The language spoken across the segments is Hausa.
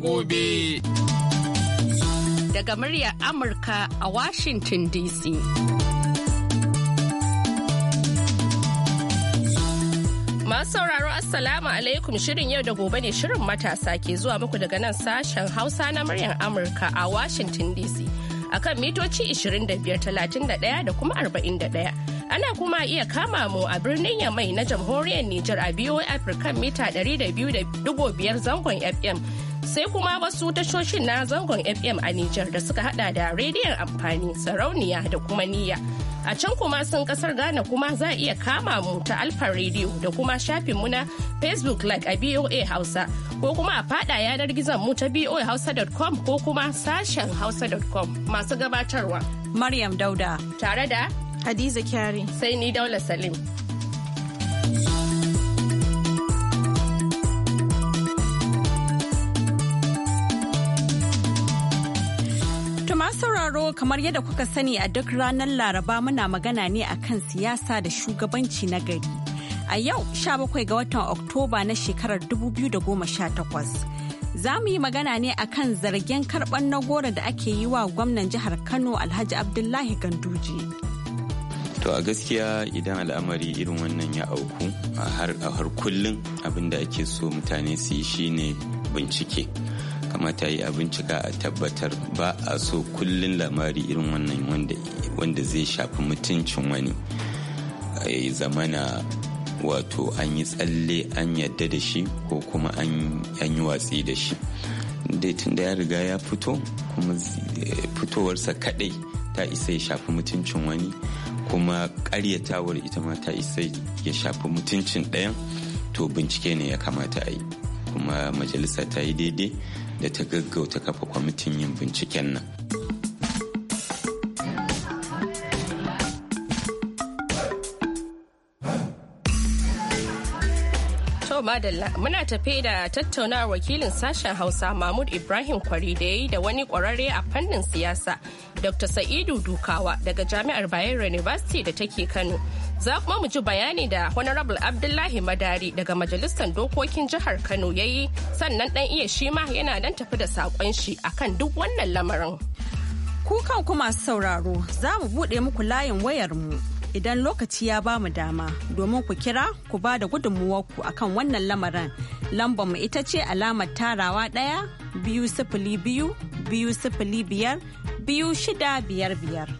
gobe. Daga muryar Amurka a Washington DC. Masu sauraro Assalamu alaikum shirin yau da gobe ne shirin matasa ke zuwa muku daga nan sashen Hausa na muryar Amurka a Washington DC. akan mitoci 25,31 da kuma 41. Ana kuma iya kama mu a birnin Yamai na jamhuriyar Nijar a BOA African mita 200.5 zangon FM. sai kuma wasu tashoshin na zangon fm a Nijar da suka hada da rediyon amfani sarauniya da kuma niyya a can kuma sun kasar ghana kuma za a iya kama mu ta alfa rediyo da kuma shafinmu na facebook like a boa hausa ko kuma a fada yanar gizon mu ta boa hausa.com ko kuma sashen hausa.com masu gabatarwa maryam dauda tare da hadiza kyari sai ni daula salim kamar yadda kuka sani a duk ranar Laraba muna magana ne akan siyasa da shugabanci na gari. A yau 17 ga watan Oktoba na shekarar 2018. Za mu yi magana ne akan zargen karɓar na goro da ake yi wa gwamnan jihar Kano Alhaji Abdullahi Ganduje. to a gaskiya idan al'amari irin wannan ya auku a har kullum abin da ake so mutane su yi shine bincike kamata yi a bincika a tabbatar ba a so kullum lamari irin wannan wanda zai shafi mutuncin wani zamana wato an yi tsalle an yadda da shi ko kuma an yi watsi da shi dai tun da ya riga ya fito kuma fitowarsa kadai ta isa ya shafi mutuncin wani kuma karyatawar ita ma ta isa ya shafi mutuncin ɗayan to bincike ne ya kamata a yi kuma majalisa ta yi daidai da ta gaggauta kafa kwamitin yin binciken nan. madalla muna tafe da tattauna wakilin sashen hausa mahmud ibrahim kwari da yi da wani kwararre a fannin siyasa dr sa'idu dukawa daga jami'ar bayero university da take kano Za kuma mu ji bayani da Honorable Abdullahi Madari daga Majalisar Dokokin Jihar Kano ya yi sannan dan iya shi ma yana nan tafi da sakon shi akan duk wannan lamarin. Ku kan kuma sauraro za mu buɗe muku layin wayar mu idan lokaci ya ba mu dama domin ku kira ku ba da gudunmuwarku akan wannan lamarin lambar mu ita ce alamar tarawa ɗaya biyu sifili biyu biyu sifili biyar biyu shida biyar biyar.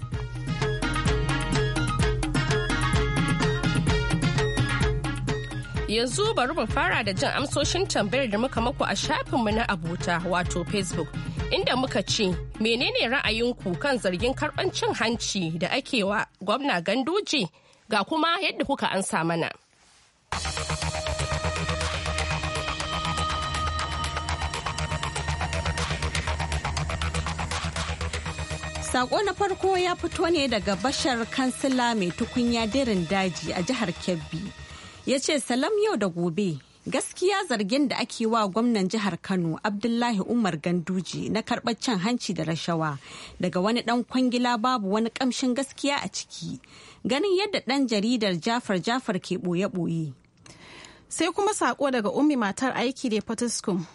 Yanzu bari mu fara da jin amsoshin tambayar da muka maku a shafinmu na abota wato Facebook. Inda muka ce, menene ra'ayinku kan zargin karɓan cin hanci da ake wa gwamna ganduje ga kuma yadda kuka ansa mana. Sako na farko ya fito ne daga bashar kansila mai tukunya dirin daji a jihar Kebbi. ya ce salam yau da gobe gaskiya zargin da ake wa gwamnan jihar kano abdullahi umar Ganduji na karɓar cin hanci da rashawa daga wani ɗan kwangila babu wani ƙamshin gaskiya a ciki ganin yadda ɗan jaridar jafar jafar ke ɓoye-ɓoye sai kuma sako daga ummi matar aiki da potiskum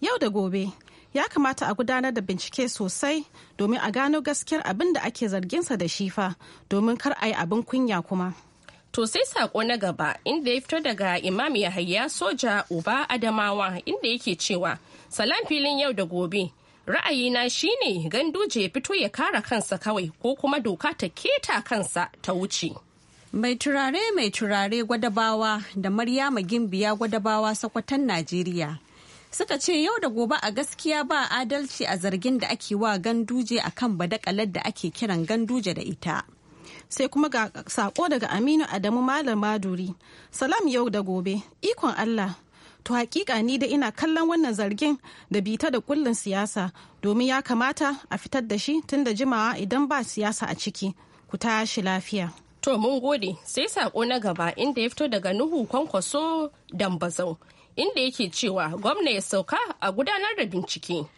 yau da gobe ya kamata a gudanar da bincike sosai domin a gano gaskiyar abin da ake zarginsa da shifa domin kar a yi abin kunya kuma. To sai sako na gaba inda ya fito daga Imam Yahaya Soja Uba Adamawa inda yake cewa salam filin yau da gobe ra'ayina shine ganduje ya fito ya kara kansa kawai ko kuma doka ta keta kansa ta wuce. Mai turare mai turare gwadabawa da Maryama Gimbiya gwadabawa sakwatan Najeriya. Suka ce yau da gobe a gaskiya ba adalci a zargin da ake wa ganduje akan badakalar da ake kiran ganduje da ita. sai kuma ga sako daga aminu adamu malam maduri salam yau da gobe ikon allah to hakika ni da ina kallon wannan zargin da bita da kullun siyasa domin ya kamata a fitar da shi tun da jimawa idan ba siyasa a ciki ku shi lafiya to mun gode sai sako na gaba inda ya fito daga nuhu kwankwaso dambazau inda yake cewa gwamna ya sauka a gudanar da bincike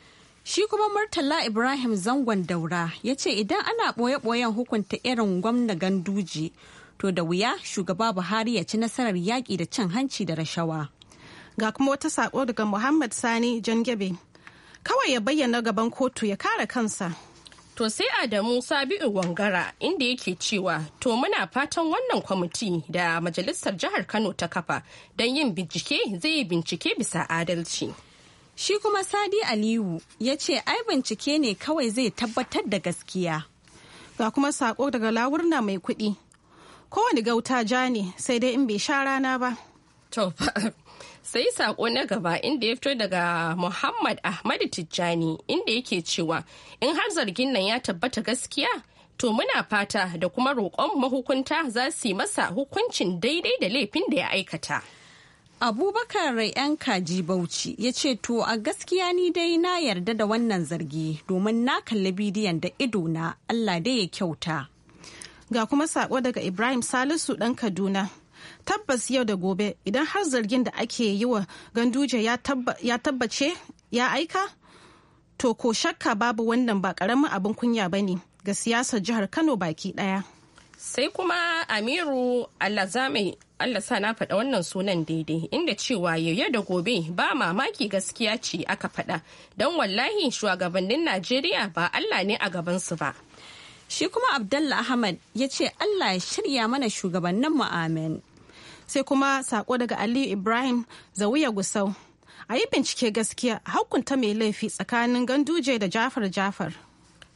Shi kuma Murtala Ibrahim zangon daura ya ce idan ana ɓoye-ɓoyen hukunta irin gwamna ganduje to da wuya shugaba Buhari ya ci nasarar yaƙi da cin hanci da rashawa. Ga kuma wata saƙo daga Muhammad Sani Jan Jangebe. Kawai ya bayyana gaban kotu ya kare kansa. To sai Adamu Sabi'u Wangara inda yake cewa to muna fatan wannan kwamiti da Majalisar Jihar Kano ta kafa don yin bincike zai bincike bisa adalci. Shi kuma Sadi Aliyu ya ce ai bincike ne kawai zai tabbatar da gaskiya. Ga kuma sako daga lawurna mai kuɗi. Kowane gauta ja ne sai dai in bai sha rana ba. sai sako na gaba inda ya fito daga Muhammad Ahmad Tijjani inda yake cewa in har zargin nan ya tabbata gaskiya to muna fata da kuma roƙon mahukunta za su yi masa hukuncin daidai da laifin da ya aikata. Abubakar yan kaji Bauchi ya ce to a gaskiya ni dai na yarda da wannan zargi domin na kalli bidiyon da ido na Allah dai ya kyauta. Ga kuma sako daga Ibrahim Salisu ɗan Kaduna. Tabbas yau da gobe idan har zargin da ake yi wa ganduje ya tabbace ya aika? To ko shakka babu wannan ba ƙaramin abin kunya ba ne ga siyasar jihar Kano baki ɗaya. sai kuma amiru allazame Allah sa na faɗa wannan sunan daidai inda cewa yau da gobe ba mamaki gaskiya ce aka faɗa don wallahi shugabannin Najeriya ba Allah ne a gabansu ba. Shi kuma Abdullahi Ahmad ya ce Allah ya shirya mana shugabannin mu amen Sai kuma sako daga Aliyu Ibrahim Zawiya Gusau. A yi bincike gaskiya hukunta mai laifi tsakanin Ganduje da Jafar Jafar.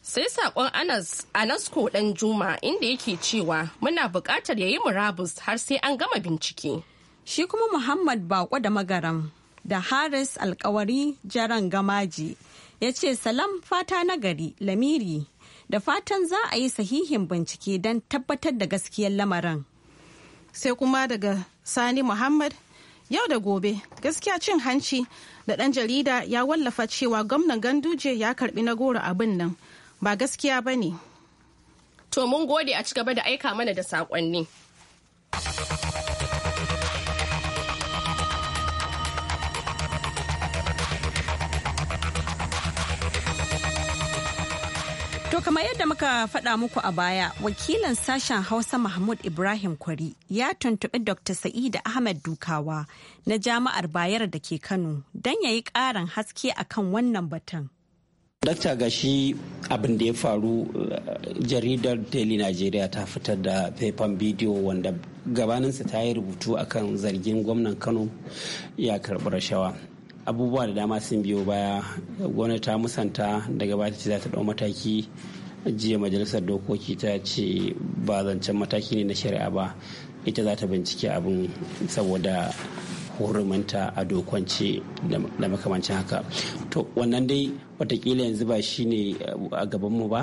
sai sakon anas anasko dan juma inda yake cewa muna buƙatar yi murabus har sai an gama bincike shi kuma muhammad bako da magaram da haris alkawari jaran gamaji ya ce salam fata na gari lamiri da fatan za a yi sahihin bincike don tabbatar da gaskiyar lamarin sai kuma daga sani muhammad yau da gobe gaskiya cin hanci da ɗan jarida ya wallafa cewa gwamnan ganduje ya karbi na goro abin nan ba gaskiya ba ne. To mun gode a ci gaba da aika mana da saƙonni. To kamar yadda muka faɗa muku a baya, wakilin sashen Hausa Mahmud Ibrahim Kwari ya tuntuɓi Dr. Sa'ida Ahmed Dukawa na Jami'ar Bayar da ke Kano don ya yi ƙarin haske akan wannan batun. Dakta ga shi abin da ya faru eh, jaridar Daily Nigeria ta fitar da faifan bidiyo wanda gabaninsa ta yi rubutu akan zargin gwamnan Kano ya karɓi rashawa. Abubuwa da dama sun biyo baya gwamnati ta musanta daga baya ta ce za ta ɗau mataki jiya majalisar dokoki ta ce ba zancen mataki ne na shari'a ba ita za ta bincike abin saboda huruminta a dokwance da makamancin haka to wannan dai watakila yanzu ba shi ne uh, a gabanmu ba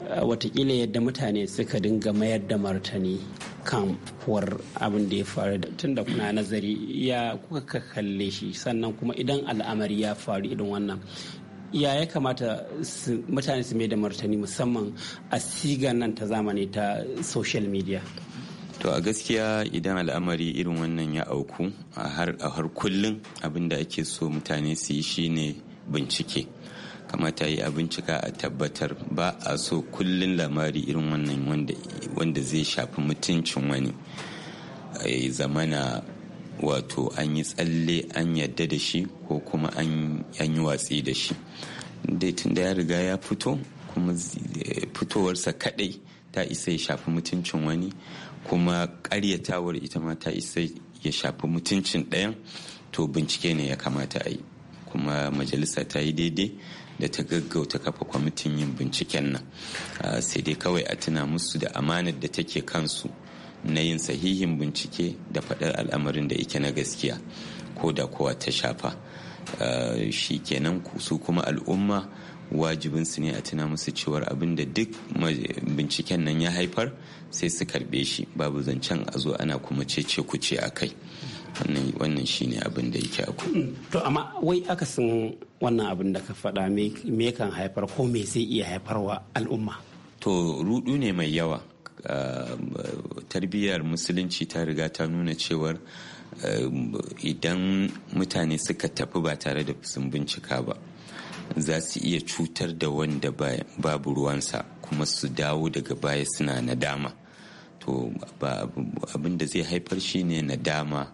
uh, watakila yadda mutane suka dinga mayar da martani kan kuwar abin da ya faru tun da kuna nazari ya kuka kalle shi sannan kuma idan al'amari ya faru irin wannan ya ya kamata mutane su mai da martani musamman a siga nan ta zamani ta social media to a gaskiya idan al'amari irin wannan ya auku a har kullum abin da ake so mutane su yi shine bincike kamata yi a bincika a tabbatar ba a so kullum lamari irin wannan wanda zai shafi mutuncin wani zamana wato an yi tsalle an yadda da shi ko kuma an yi watsi da shi dai tun da ya riga ya fito kuma eh, fitowarsa kadai ta isa ya shafi mutuncin wani kuma karyatawar ita ma ta isa ya shafi mutuncin ɗayan to bincike ne ya kamata a yi kuma majalisa ta yi daidai da ta gaggauta kafa kwamitin yin binciken nan sai dai kawai a tuna musu da amanar da take kansu na yin sahihin bincike da faɗar al'amarin da yake na gaskiya ko da kowa ta shafa shi kenan su kuma al'umma wajibin su ne a tuna musu cewar abin da duk binciken nan ya haifar sai su karbe shi babu zancen a zo ana kuma cece kuce a kai wannan shi ne abin da yake aku. to amma wai aka sun wannan abin da ka faɗa me kan haifar ko me zai iya haifarwa al'umma to rudu ne mai yawa tarbiyyar musulunci ta riga ta nuna cewar idan mutane suka tafi ba tare da sun bincika ba za su iya cutar da wanda babu ruwansa kuma su dawo daga baya suna nadama to abin da zai haifar shi ne nadama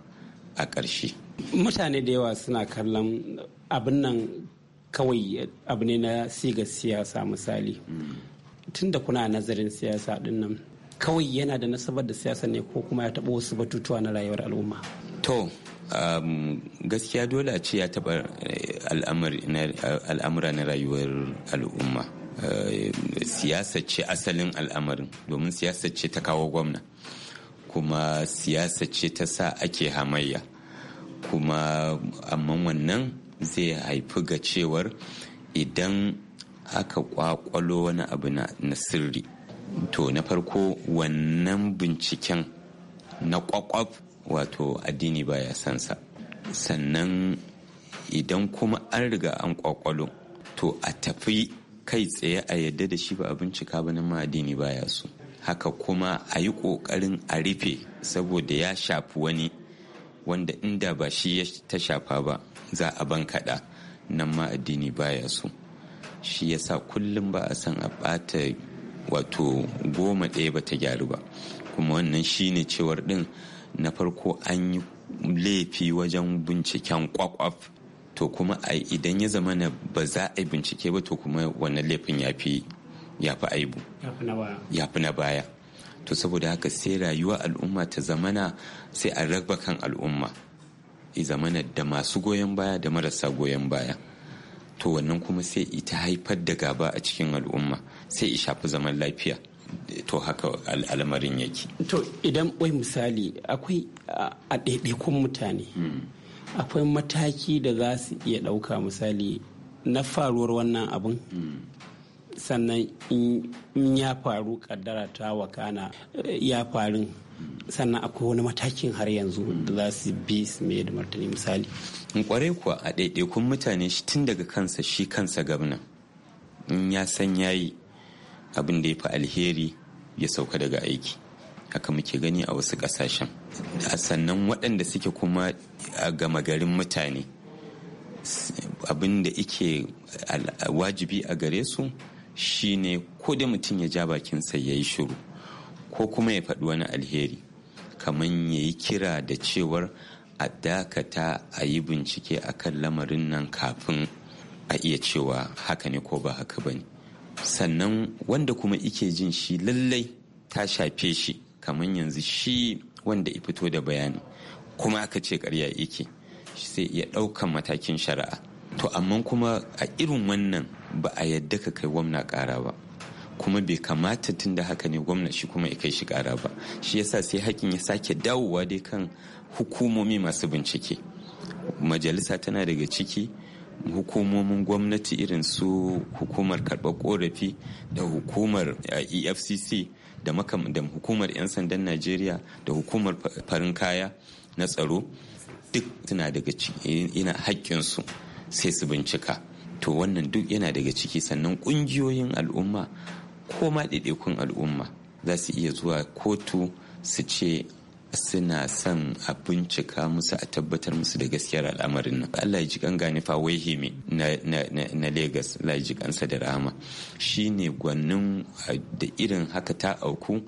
a ƙarshe mutane da yawa suna kallon abin nan kawai abu ne na siga siyasa misali mm. tun da kuna nazarin siyasa din nan kawai yana da nasabar da siyasa ne ko kuma ya taɓa wasu batutuwa na rayuwar al'umma to gaskiya dole a ce ya taɓa eh, al'amura na rayuwar al'umma eh, siyasa ce asalin al'amarin domin siyasa ce ta kawo gwamna kuma siyasa ce ta sa ake hamayya kuma amma wannan zai haifi ga cewar idan aka kwakwalo wani abu na sirri to na farko wannan binciken na kwakwaf wato addini baya sansa sannan idan kuma an riga an kwakwalo to a tafi kai tsaye a yadda da shi ba a bincika ba na addini baya su. haka kuma a yi ƙoƙarin a rufe saboda ya shafi wani wanda inda ba shi ya ta shafa ba za a ban bankaɗa nan ma addini baya so shi yasa kullum ba a san a bata wato goma ɗaya ba ta gyaru ba kuma wannan shine cewar ɗin na farko an yi laifi wajen binciken kwakwaf to kuma idan ya zama na ba za a yi bincike ba to kuma wannan laifin ya fi aibu ya fi na baya to saboda haka sai rayuwa al'umma ta zamana sai a raba kan al'umma i zamana da masu goyon baya da marasa goyon baya to wannan kuma sai ita haifar da gaba a cikin al'umma sai i shafi zaman lafiya to haka al'amarin yake to idan bai misali akwai a ɗaiɗaikun mutane hmm. akwai mataki da za su iya ɗauka misali na faruwar wannan abin hmm. sannan in ya faru kaddara ta wakana ya farin hmm. sannan akwai wani matakin har yanzu da za su bi su mai da martani misali kwarai kuwa a ɗaiɗaikun mutane shi tun daga kansa shi kansa gabna in ya san yayi abin da ya fi alheri ya sauka daga aiki haka muke gani a wasu ƙasashen sannan waɗanda suke kuma a gama garin mutane abin da ike wajibi a gare su shine ko da mutum ya ja bakinsa ya yi shiru ko kuma ya faɗi wani alheri kamar ya yi kira da cewar a dakata a yi bincike a kan lamarin nan kafin a iya cewa haka ne ko ba haka ba ne sannan wanda kuma ike jin shi lallai ta shafe shi kamar yanzu shi wanda ya fito da bayani kuma aka ce karya yake sai ya ɗaukan matakin shari'a to amma kuma a irin wannan ba a yadda ka kai gwamna kara ba kuma bai kamata tun da haka ne gwamna shi kuma ya kai shi kara ba shi yasa sai hakin ya sake dawowa dai kan hukumomi masu bincike majalisa tana daga ciki hukumomin gwamnati irin su hukumar karɓar korafi da hukumar efcc eh, e da hukumar 'yan sandan najeriya da hukumar farin kaya na tsaro duk suna daga ina haƙƙinsu sai su bincika to wannan duk yana daga ciki sannan ƙungiyoyin al'umma ko ma ɗaiɗaikun al'umma za su iya zuwa kotu su ce suna son a bincika musu a tabbatar musu da gaskiyar al'amarin nan Allah ya ji kan gani fa wai na na na Lagos Allah ya ji kansa da rahama shine gwanin da irin haka ta auku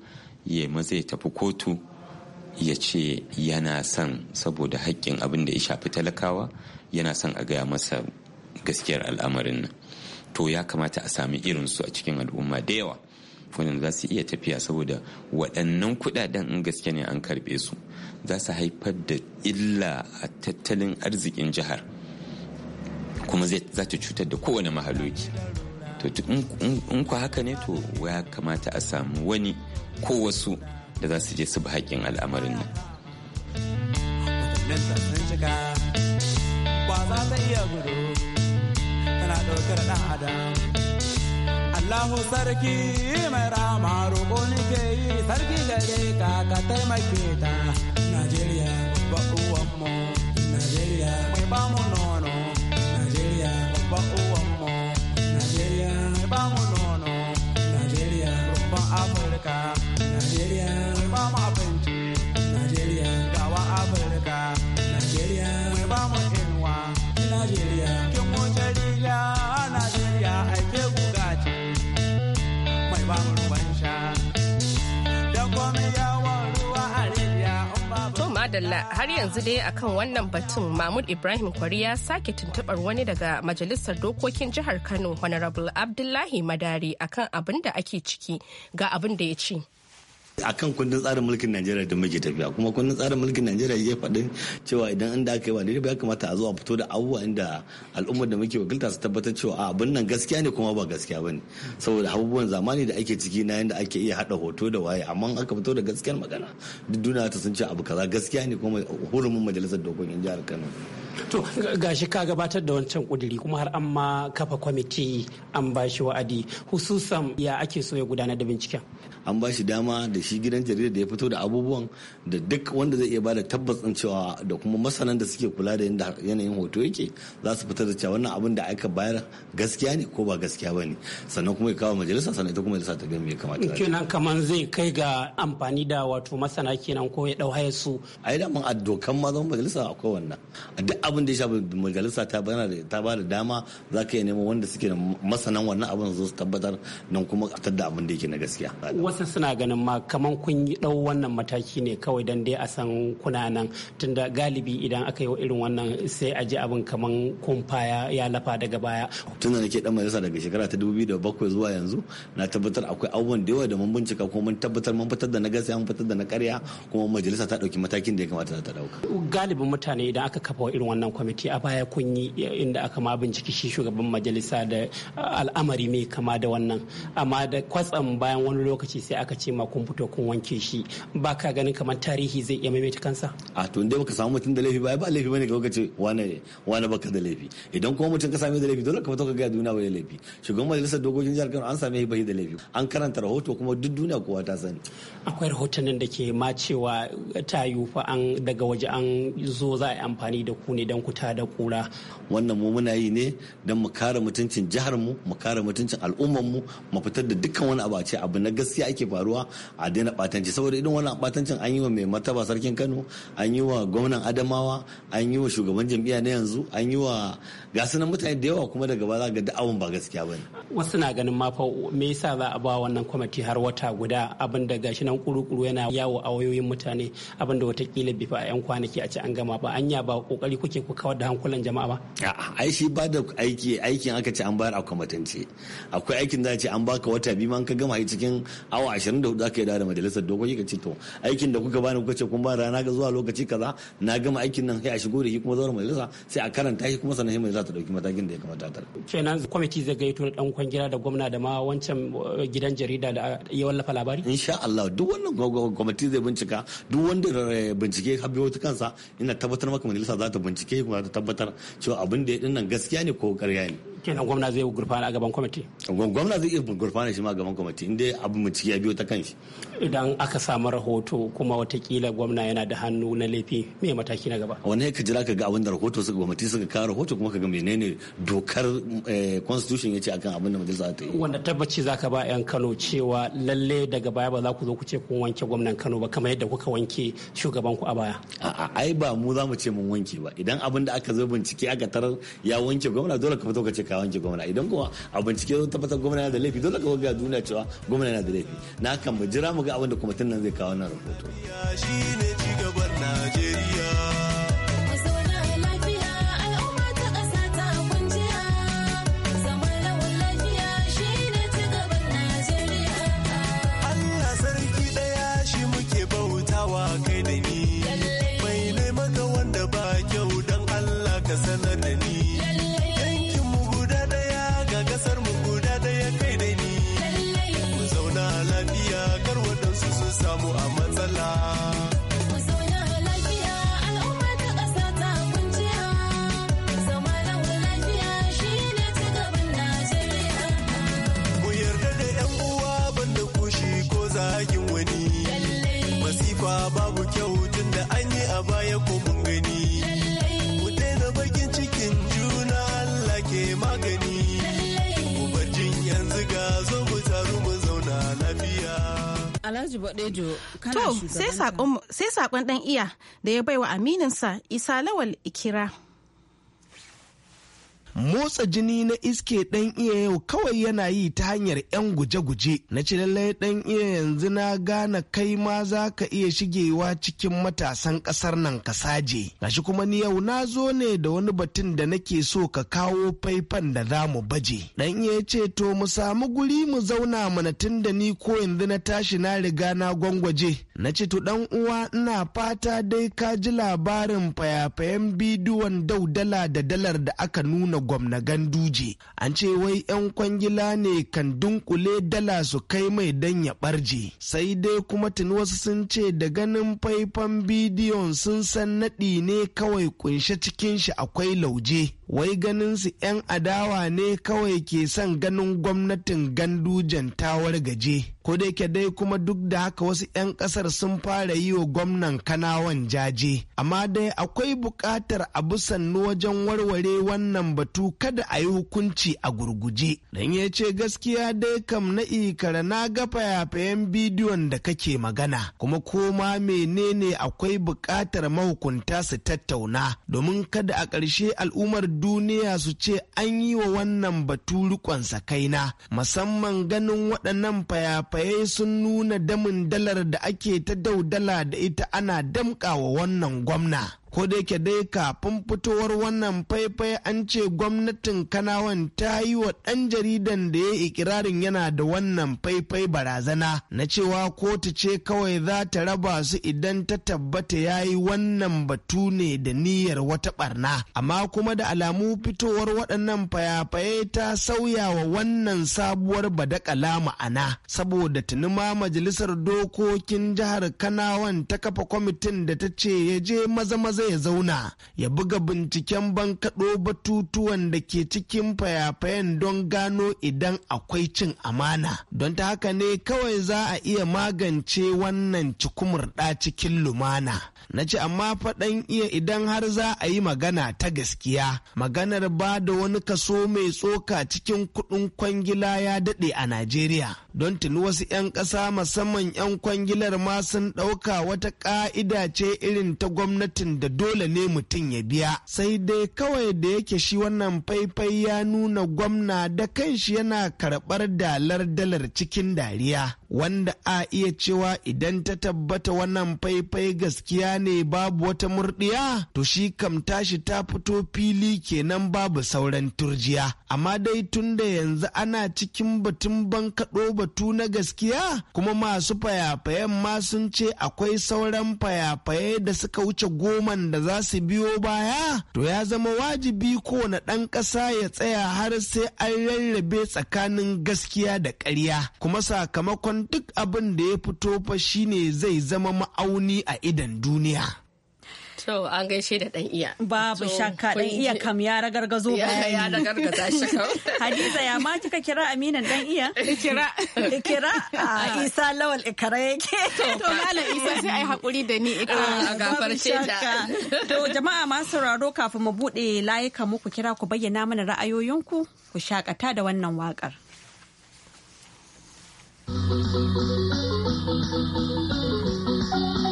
ya maza ya tafi kotu ya ce yana son saboda haƙƙin abin da ya shafi talakawa yana son a gaya masa gaskiyar al'amarin nan to ya kamata a sami irin su a cikin al'umma da yawa wanda za su iya tafiya saboda waɗannan kudaden in gaske ne an karbe su za su haifar da illa a tattalin arzikin jihar kuma za ta cutar da kowane mahaloki to in ku haka ne to ya kamata a samu wani ko wasu da za su je su bi al'amarin nan ba za ta iya gudu tana ɗaukar ɗan adam Allahu sarki mai rama roƙo nike yi sarki gare ka ka taimake ta Najeriya ba uwanmu Najeriya mai bamu madalla har yanzu dai akan wannan batun mahmud ibrahim kwari ya sake tuntubar wani daga majalisar dokokin jihar kano honorable abdullahi madari akan abin da ake ciki ga abin da ya ce akan kundin tsarin mulkin Najeriya da muke tafiya kuma kundin tsarin mulkin Najeriya ya faɗi cewa idan inda aka yi ba ya kamata a zo a fito da abubuwa inda al'ummar da muke wakilta su tabbatar cewa a abin nan gaskiya ne kuma ba gaskiya ba ne saboda abubuwan zamani da ake ciki na yadda ake iya haɗa hoto da waye amma aka fito da gaskiyar magana duk duniya ta sun ce abu kaza gaskiya ne kuma hurumin majalisar dokokin jihar Kano. To gashi ka gabatar da wancan kuduri kuma har an ma kafa kwamiti an bashi wa'adi hususan ya ake so ya gudanar da binciken. an ba shi dama da shi gidan jarida da ya fito da abubuwan da duk wanda zai iya ba da tabbas cewa da kuma masanan da suke kula da yadda yanayin hoto yake za su fitar da cewa wannan abin da aka bayar gaskiya ne ko ba gaskiya ba ne sannan kuma ya kawo majalisa sannan ita kuma majalisa ta gami ya kamata kenan kaman zai kai ga amfani da wato masana kenan ko ya dau su a da mun a dokan ma zama majalisa akwai wannan duk abin da ya shafi majalisa ta ba da dama za ka iya neman wanda suke da masanan wannan abin zo su tabbatar nan kuma a tadda abin da yake na gaskiya wasu suna ganin ma kaman kun yi ɗau wannan mataki ne kawai don dai a san kuna nan tunda galibi idan aka yi irin wannan sai a ji abin kaman faya ya lafa daga baya. Tunda nake dan majalisa daga shekara ta bakwai zuwa yanzu na tabbatar akwai abubuwan da yawa da mun bincika kuma mun tabbatar mun fitar da na gaskiya mun fitar da na karya kuma majalisa ta ɗauki matakin da ya kamata ta ɗauka. Galibin mutane idan aka kafa irin wannan kwamiti a baya kun yi inda aka ma binciki shi shugaban majalisa da al'amari mai kama da wannan amma da kwatsam bayan wani lokaci sai aka ce ma kun fito kun wanke shi ba ka ganin kamar tarihi zai iya maimaita kansa a to inda baka samu mutum da laifi ba ba laifi bane ka kace wane wane baka da laifi idan kuma mutum ka same da laifi dole ka fito ka ga duniya bai laifi shugaban majalisar dokokin jihar Kano an same shi bai da laifi an karanta rahoto kuma duk duniya kowa ta sani akwai rahotannin da ke ma cewa tayu fa an daga waje an zo za a yi amfani da ku ne don ku ta da kura wannan mu muna yi ne don mu kare mutuncin jihar mu mu kare mutuncin al'ummar mu mu fitar da dukkan wani abu a ce abu na gaskiya yake faruwa a daina batanci saboda idan wannan batancin an yi wa mai martaba sarkin Kano an yi wa gwamnan Adamawa an yi wa shugaban jam'iyya na yanzu an yi wa gasunan mutane da yawa kuma daga ba za ga da'awun ba gaskiya ne wasu na ganin ma fa me yasa za a ba wannan kwamiti har wata guda abin da gashi nan kuru-kuru yana yawo a wayoyin mutane abin da watakila bi fa a 'yan kwanaki a ce an gama ba anya ba kokari kuke ku kawar da hankulan jama'a ba ai shi ba da aiki aikin aka ce an bayar a kwamitance akwai aikin da ce an baka wata biyu an ka gama cikin awa awa ashirin da hudu yi da majalisar dokoki ka ce to aikin da kuka bani kuka ce kun ba rana ga zuwa lokaci kaza na gama aikin nan sai a shigo da shi kuma zaura majalisa sai a karanta shi kuma sannan majalisa ta dauki matakin da ya kamata ta kenan kwamiti zai gaito da dan kwangila da gwamna da ma wancan eh, gidan jarida da eh, ya wallafa labari insha Allah duk wannan kwamiti zai bincika duk wanda eh, bincike ka biyo kansa ina tabbatar maka majalisa za ta bincike kuma za ta tabbatar cewa abin da ya dinnan gaskiya ne ko ƙarya ne kenan gwamna zai gurfana a gaban kwamiti gwamna zai iya gurfana shi ma a gaban kwamiti inda abu bincike ya biyo ta kanshi idan aka samu rahoto kuma watakila gwamna yana da hannu na laifi me mataki na gaba wani ka jira ka ga abin da rahoto suka gwamnati suka kawo rahoto kuma ka ga menene dokar eh, constitution ya ce akan abin da majalisa ta yi wanda tabbaci za ka ba 'yan kano cewa lalle daga baya ba za ku zo ku ce kun wanke gwamnan kano ba kamar yadda kuka wanke shugaban ku a baya a'a ai ba mu za mu ce mun wanke ba idan abin da aka zo bincike aka tarar ya wanke gwamna dole ka fito ka ce ka wanke gwamna idan kuma a bincike zo tabbatar gwamna da laifi dole ka ga duniya cewa gwamna na da laifi na kan mu jira mu ga abinda da tun nan zai kawo nan rahoto. Najeriya. Alhaji Badejo kana To sai sakon dan iya da ya baiwa aminin sa Isa Lawal Ikira. motsa jini na iske dan iya yau kawai yana yi ta hanyar 'yan guje-guje na ci lallai dan iya yanzu na gane kai ma za ka iya shigewa cikin matasan kasar nan ka saje gashi kuma ni yau na zo ne da wani batun da nake so ka kawo faifan da za mu baje dan iya ce to mu samu guri mu zauna mana tun da ni ko yanzu na tashi na riga na gwangwaje na ce to dan uwa ina fata dai ka ji labarin fayafayen bidiyon dala da dalar da aka nuna gwamna ganduje an ce wai 'yan kwangila ne kan dunkule dala su kai mai dan ya barje sai dai kuma tuni wasu sun ce da ganin faifan bidiyon sun san naɗi ne kawai kunshe cikin shi akwai lauje wai ganin su 'yan adawa ne kawai ke son ganin gwamnatin gandujen tawar gaje ko da yake dai kuma duk da haka wasu 'yan kasar sun fara yi wa gwamnan kanawan jaje amma dai akwai buƙatar a sannu wajen warware wannan batu kada a yi hukunci a gurguje dan ya ce gaskiya dai kam na ikara na ga fayafayen bidiyon da kake magana kuma koma menene akwai buƙatar mahukunta su tattauna domin kada a ƙarshe al'ummar duniya su ce an yi wa wannan batu riƙon sakaina musamman ganin waɗannan fayafayen faye sun nuna damin dalar da ake ta daudala da ita ana damƙawa wannan gwamna. ko da yake dai kafin fitowar wannan faifai an ce gwamnatin kanawan ta yi wa ɗan jaridan da ya ikirarin yana da wannan faifai barazana na cewa kotu ce kawai za ta raba su idan ta tabbata ya yi wannan batu ne da niyyar wata barna amma kuma da alamu fitowar waɗannan fayafaye ta sauya wa wannan sabuwar badakala ma'ana saboda tuni ma majalisar dokokin jihar kanawan ta kafa kwamitin da ta ce ya je maza-maza zai ya zauna ya buga binciken bankaɗo batutuwan da ke cikin faya-fayan don gano idan akwai cin amana don ta haka ne kawai za a iya magance wannan cikumurɗa cikin lumana na ce amma faɗan iya idan har za a yi magana ta gaskiya maganar ba da wani kaso mai tsoka cikin kuɗin kwangila ya daɗe a najeriya don tuni wasu 'yan ƙasa musamman 'yan kwangilar ma sun ɗauka wata ƙa'ida ce irin ta gwamnatin da dole ne mutum ya biya sai dai kawai da yake shi wannan faifai ya nuna gwamna da kanshi yana karɓar dalar dalar cikin dariya wanda a iya cewa idan ta tabbata wannan faifai gaskiya ne babu wata murdiya, to shi kam tashi ta fito fili kenan babu sauran turjiya amma dai tun da yanzu ana cikin batun bankaɗo batu na gaskiya kuma masu fayafayen ma sun ce akwai sauran fayafaye da suka wuce goman da za su biyo baya to ya zama wajibi ko na ɗan ƙasa ya tsaya har sai an rarrabe tsakanin gaskiya da ƙarya kuma sakamakon duk abin da ya fito fa shine zai zama ma'auni a idan duniya. To an gaishe da ɗan iya. Babu shakka ɗan iya kam ya ragargazo bayani. Ya ragargaza shi kam. Hadiza ya ma kika kira Aminan ɗan iya? Ikira. Ikira eh, a Isa Lawal Ikara yake. To Malam Isa sai ai hakuri da ni ita. Ah, a gafarce ta. To jama'a masu sauraro kafin mu buɗe layuka muku kira ku bayyana mana ra'ayoyinku ku shakata da wannan waƙar. Thank you.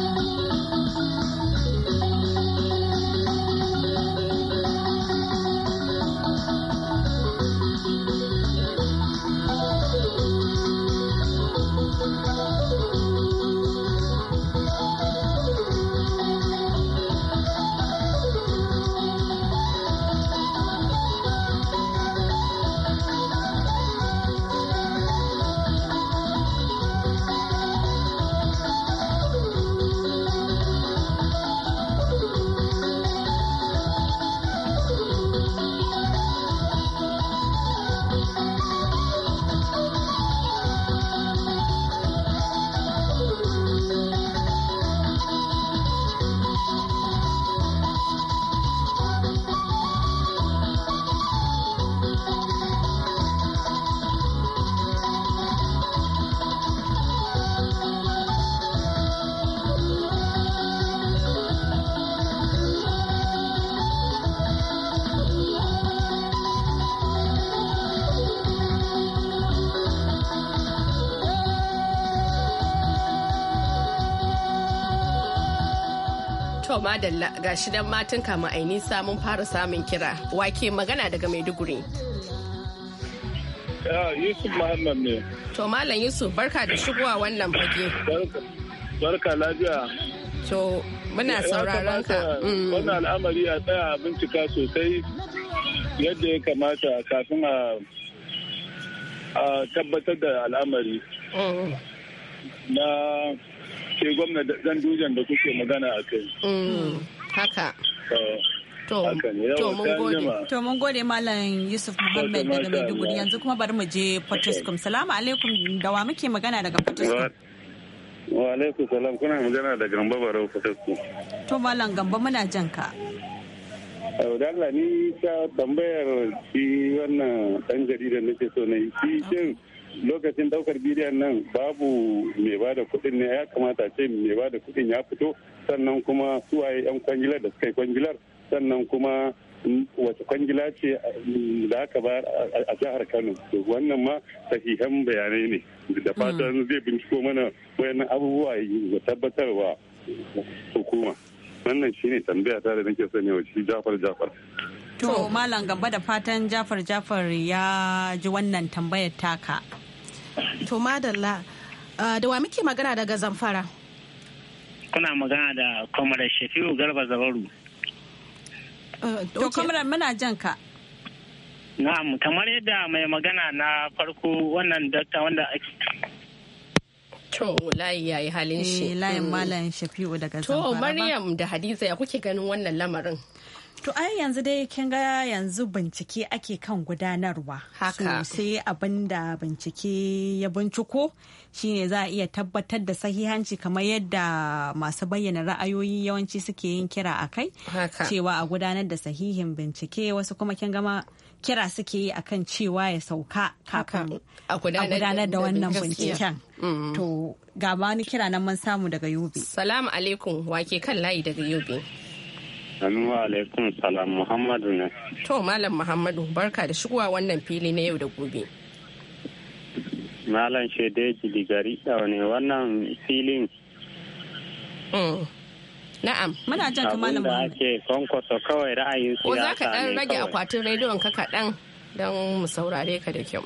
madalla ga shidan matan kama aini nisa mun fara samun kira wake magana daga maiduguri yusuf muhammad ne to malam yusuf barka da shigowa wannan fage barka lafiya to muna sauraron ka mm. wannan al'amari a tsaya bincika sosai yadda ya kamata kafin a tabbatar da al'amari mm. na ce gwamna dan dujan da kuke magana a kai. Mm, haka. To mun gode Malam Yusuf Muhammad daga Maiduguri yanzu kuma bari mu je Potoskum. Salamu alaikum da wa muke magana daga Potoskum. Wa alaikum salam kuna magana da Gamba Barau Potoskum. To Malam Gamba muna jan ka. Allah ni ta tambayar shi wannan dan jarida nake so na yi. Shi lokacin daukar bidiyon nan babu mai ba da kudin ne ya kamata ce mai ba da kuɗin ya fito sannan kuma suwaye 'yan kwangilar da suka yi kwangilar sannan kuma wata kwangila ce mm, da aka ba a jihar kano to wannan ma sahihan bayanai ne da fatan mm. zai binciko mana wayannan abubuwa ya tabbatarwa hukuma wannan shine tambaya ta da nake sani wa shi jafar jafar to malam gamba da fatan jafar jafar ya ji wannan tambayar taka To madalla uh, da wa muke magana daga zamfara? Kuna magana da kwamarar Shafi'u Garba Zabaru. Uh, to kwamarar muna jan ka. Na'am kamar yadda mai magana na farko wannan dakta wanda ake To layi yayi halin shi. Eh, layin mm. malayin Shafi'u daga Zamfara. ba. To Maryam da Hadiza ya kuke ganin wannan lamarin? To ai yanzu dai kin ga yanzu bincike ake kan gudanarwa. Haka. sai abin da bincike ya binciko shine za a iya tabbatar da sahihanci kamar yadda masu bayyana ra'ayoyi yawanci suke yin kira a kai. Cewa a gudanar da sahihin bincike wasu kuma kin gama kira suke yi akan cewa ya sauka kafin a gudanar da wannan binciken. Mm. To ga wani kira nan mun samu daga Yobe. Salamu alaikum wake kan layi daga Yobe. Assalamu alaikum salam Muhammadu ne. To Malam Muhammadu barka da shigowa wannan fili na yau da gobe. Malam digari ɗau ne wannan filin. Hmm. Na'am, muna jan ka Malam Muhammadu. ake kwankwaso kawai ra'ayin siyasa ne kawai. Ko za ka ɗan rage akwatin rediyon ka kaɗan don mu saurare ka da kyau.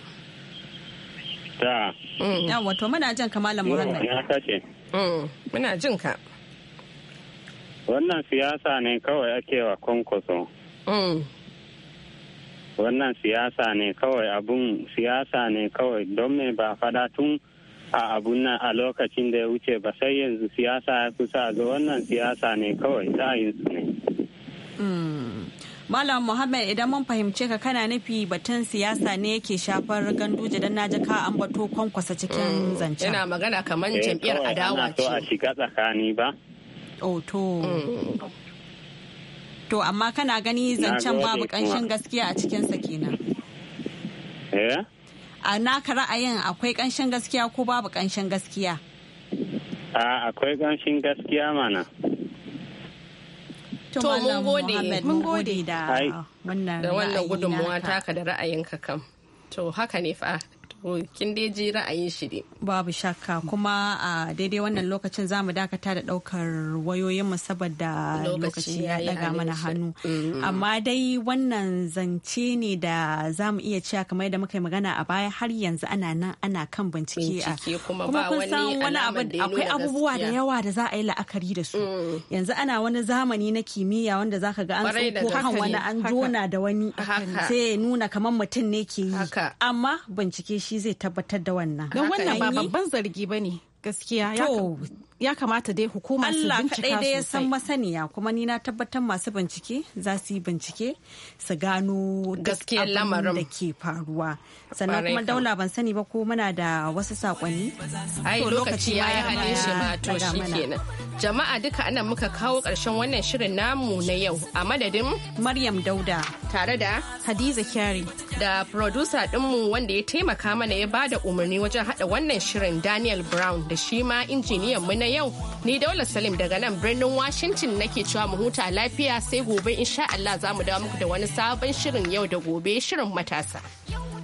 Ta. Hmm. Yawwa, wato muna jan ka Malam Muhammadu. Ya kace. Hmm. Muna jin ka. wannan siyasa ne kawai ake wa kwankwaso mm. wannan siyasa ne kawai abun siyasa ne kawai don me ba fada tun a abun nan a lokacin da ya wuce ba sai yanzu siyasa ya kusa ga wannan siyasa ne kawai su ne mm. Malam Muhammad idan mun fahimce ka kana nufi batun siyasa ne yake shafar ganduje don naji ka ambato kwankwasa cikin mm. zance. Yana magana kamar jam'iyyar eh, adawa ce. a shiga tsakani ba. Oh, to mm. to amma kana gani zancen babu kanshin gaskiya a cikinsa kenan eh a naka ra'ayin akwai kanshin gaskiya ko babu kanshin gaskiya a akwai kanshin gaskiya mana to mun gode mun gode da wannan gudunmuwa taka da ra'ayinka kam to haka ne fa kin dai ji ra'ayin shi ne. Babu shakka kuma a daidai wannan lokacin zamu dakata da daukar wayoyin mu saboda lokaci ya daga mana hannu. Mm-hmm. Amma dai wannan zance ne da zamu iya cewa kamar da muka yi magana a baya har yanzu ana nan ana kan bincike a kuma kun san wani abu akwai abubuwa da yawa da za a yi la'akari da su. Mm. Yanzu ana wani zamani na kimiyya wanda zaka ga an ko kan wani an jona da wani sai nuna kamar mutum ne ke yi. Amma bincike shi zai tabbatar da wannan. Don wannan ba babban zargi ba ne gaskiya. To ya kamata dai hukuma su bincika sosai. Allah kaɗai dai ya san masaniya kuma ni na tabbatar masu bincike za su yi bincike su gano gaskiyar lamarin da ke faruwa. Sannan kuma daula ban sani ba ko muna da wasu sakonni. Ai lokaci ya yi hane shi ma to shi Jama'a duka anan muka kawo ƙarshen wannan shirin namu na yau a madadin Maryam Dauda tare da Hadiza Kyari da producer ɗinmu wanda ya taimaka mana ya bada umarni wajen haɗa wannan shirin Daniel Brown da shi ma injiniyan mu na yau ni Daula Salim daga nan birnin Washington nake cewa mu huta lafiya sai gobe insha Allah za mu dawo muku da wani sabon shirin yau da gobe shirin matasa.